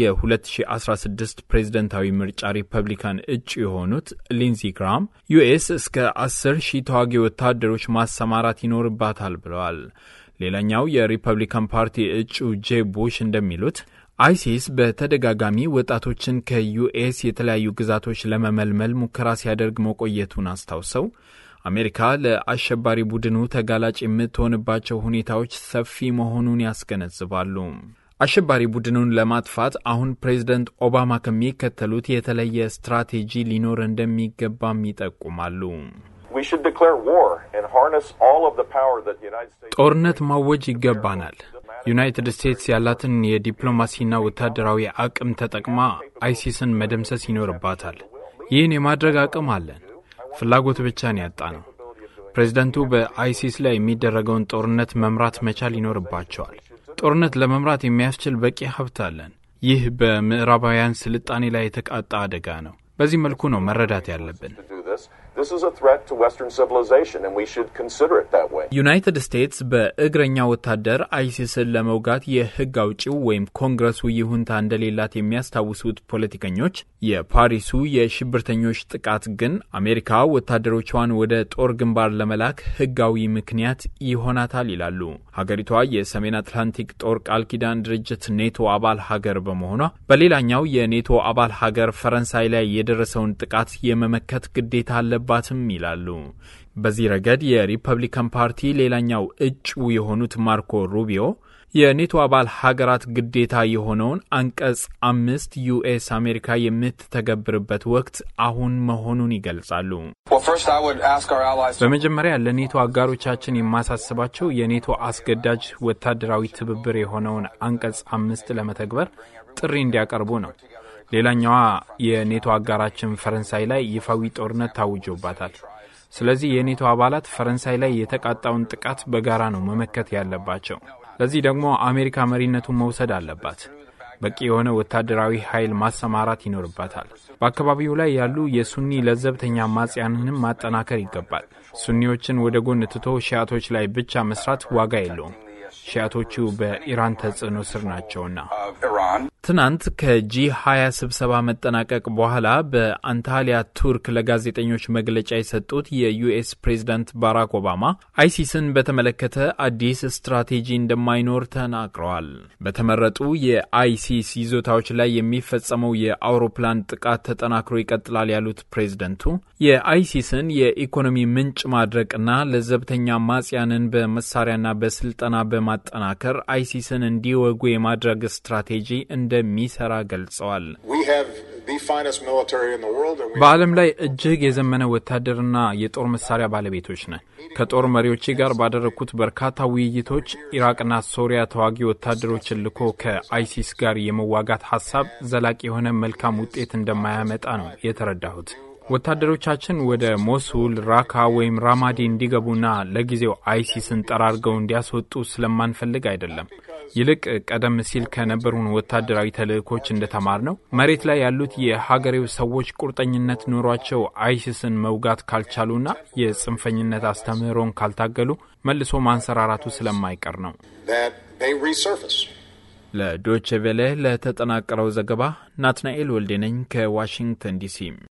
የ2016 ፕሬዝደንታዊ ምርጫ ሪፐብሊካን እጩ የሆኑት ሊንዚ ግራም ዩኤስ እስከ 10 ሺህ ተዋጊ ወታደሮች ማሰማራት ይኖርባታል ብለዋል። ሌላኛው የሪፐብሊካን ፓርቲ እጩ ጄ ቡሽ እንደሚሉት አይሲስ በተደጋጋሚ ወጣቶችን ከዩኤስ የተለያዩ ግዛቶች ለመመልመል ሙከራ ሲያደርግ መቆየቱን አስታውሰው አሜሪካ ለአሸባሪ ቡድኑ ተጋላጭ የምትሆንባቸው ሁኔታዎች ሰፊ መሆኑን ያስገነዝባሉ። አሸባሪ ቡድኑን ለማጥፋት አሁን ፕሬዝደንት ኦባማ ከሚከተሉት የተለየ ስትራቴጂ ሊኖር እንደሚገባም ይጠቁማሉ። ጦርነት ማወጅ ይገባናል። ዩናይትድ ስቴትስ ያላትን የዲፕሎማሲና ወታደራዊ አቅም ተጠቅማ አይሲስን መደምሰስ ይኖርባታል። ይህን የማድረግ አቅም አለን። ፍላጎት ብቻን ያጣ ነው። ፕሬዝደንቱ በአይሲስ ላይ የሚደረገውን ጦርነት መምራት መቻል ይኖርባቸዋል። ጦርነት ለመምራት የሚያስችል በቂ ሀብት አለን። ይህ በምዕራባውያን ስልጣኔ ላይ የተቃጣ አደጋ ነው። በዚህ መልኩ ነው መረዳት ያለብን። ዩናይትድ ስቴትስ በእግረኛ ወታደር አይሲስን ለመውጋት የህግ አውጪው ወይም ኮንግረሱ ይሁንታ እንደሌላት የሚያስታውሱት ፖለቲከኞች የፓሪሱ የሽብርተኞች ጥቃት ግን አሜሪካ ወታደሮቿን ወደ ጦር ግንባር ለመላክ ህጋዊ ምክንያት ይሆናታል ይላሉ። ሀገሪቷ የሰሜን አትላንቲክ ጦር ቃል ኪዳን ድርጅት ኔቶ አባል ሀገር በመሆኗ በሌላኛው የኔቶ አባል ሀገር ፈረንሳይ ላይ የደረሰውን ጥቃት የመመከት ግዴታ አለባት አይገባትም ይላሉ። በዚህ ረገድ የሪፐብሊካን ፓርቲ ሌላኛው እጩ የሆኑት ማርኮ ሩቢዮ የኔቶ አባል ሀገራት ግዴታ የሆነውን አንቀጽ አምስት ዩኤስ አሜሪካ የምትተገብርበት ወቅት አሁን መሆኑን ይገልጻሉ። በመጀመሪያ ለኔቶ አጋሮቻችን የማሳስባቸው የኔቶ አስገዳጅ ወታደራዊ ትብብር የሆነውን አንቀጽ አምስት ለመተግበር ጥሪ እንዲያቀርቡ ነው። ሌላኛዋ የኔቶ አጋራችን ፈረንሳይ ላይ ይፋዊ ጦርነት ታውጆባታል። ስለዚህ የኔቶ አባላት ፈረንሳይ ላይ የተቃጣውን ጥቃት በጋራ ነው መመከት ያለባቸው። ለዚህ ደግሞ አሜሪካ መሪነቱን መውሰድ አለባት። በቂ የሆነ ወታደራዊ ኃይል ማሰማራት ይኖርባታል። በአካባቢው ላይ ያሉ የሱኒ ለዘብተኛ አማጽያንንም ማጠናከር ይገባል። ሱኒዎችን ወደ ጎን ትቶ ሺዓቶች ላይ ብቻ መስራት ዋጋ የለውም። ሺያቶቹ በኢራን ተጽዕኖ ስር ናቸውና። ትናንት ከጂ 20 ስብሰባ መጠናቀቅ በኋላ በአንታሊያ ቱርክ ለጋዜጠኞች መግለጫ የሰጡት የዩኤስ ፕሬዝዳንት ባራክ ኦባማ አይሲስን በተመለከተ አዲስ ስትራቴጂ እንደማይኖር ተናግረዋል። በተመረጡ የአይሲስ ይዞታዎች ላይ የሚፈጸመው የአውሮፕላን ጥቃት ተጠናክሮ ይቀጥላል ያሉት ፕሬዚደንቱ የአይሲስን የኢኮኖሚ ምንጭ ማድረቅና ለዘብተኛ ማጽያንን በመሳሪያና በስልጠና በማ በማጠናከር አይሲስን እንዲወጉ የማድረግ ስትራቴጂ እንደሚሰራ ገልጸዋል። በዓለም ላይ እጅግ የዘመነ ወታደርና የጦር መሳሪያ ባለቤቶች ነን። ከጦር መሪዎች ጋር ባደረግኩት በርካታ ውይይቶች ኢራቅና ሶሪያ ተዋጊ ወታደሮችን ልኮ ከአይሲስ ጋር የመዋጋት ሀሳብ ዘላቂ የሆነ መልካም ውጤት እንደማያመጣ ነው የተረዳሁት። ወታደሮቻችን ወደ ሞሱል፣ ራካ ወይም ራማዲ እንዲገቡና ለጊዜው አይሲስን ጠራርገው እንዲያስወጡ ስለማንፈልግ አይደለም። ይልቅ ቀደም ሲል ከነበሩን ወታደራዊ ተልእኮች እንደተማር ነው መሬት ላይ ያሉት የሀገሬው ሰዎች ቁርጠኝነት ኑሯቸው አይሲስን መውጋት ካልቻሉና የጽንፈኝነት አስተምህሮን ካልታገሉ መልሶ ማንሰራራቱ ስለማይቀር ነው። ለዶቼ ቬለ ለተጠናቀረው ዘገባ ናትናኤል ወልዴነኝ ከዋሽንግተን ዲሲ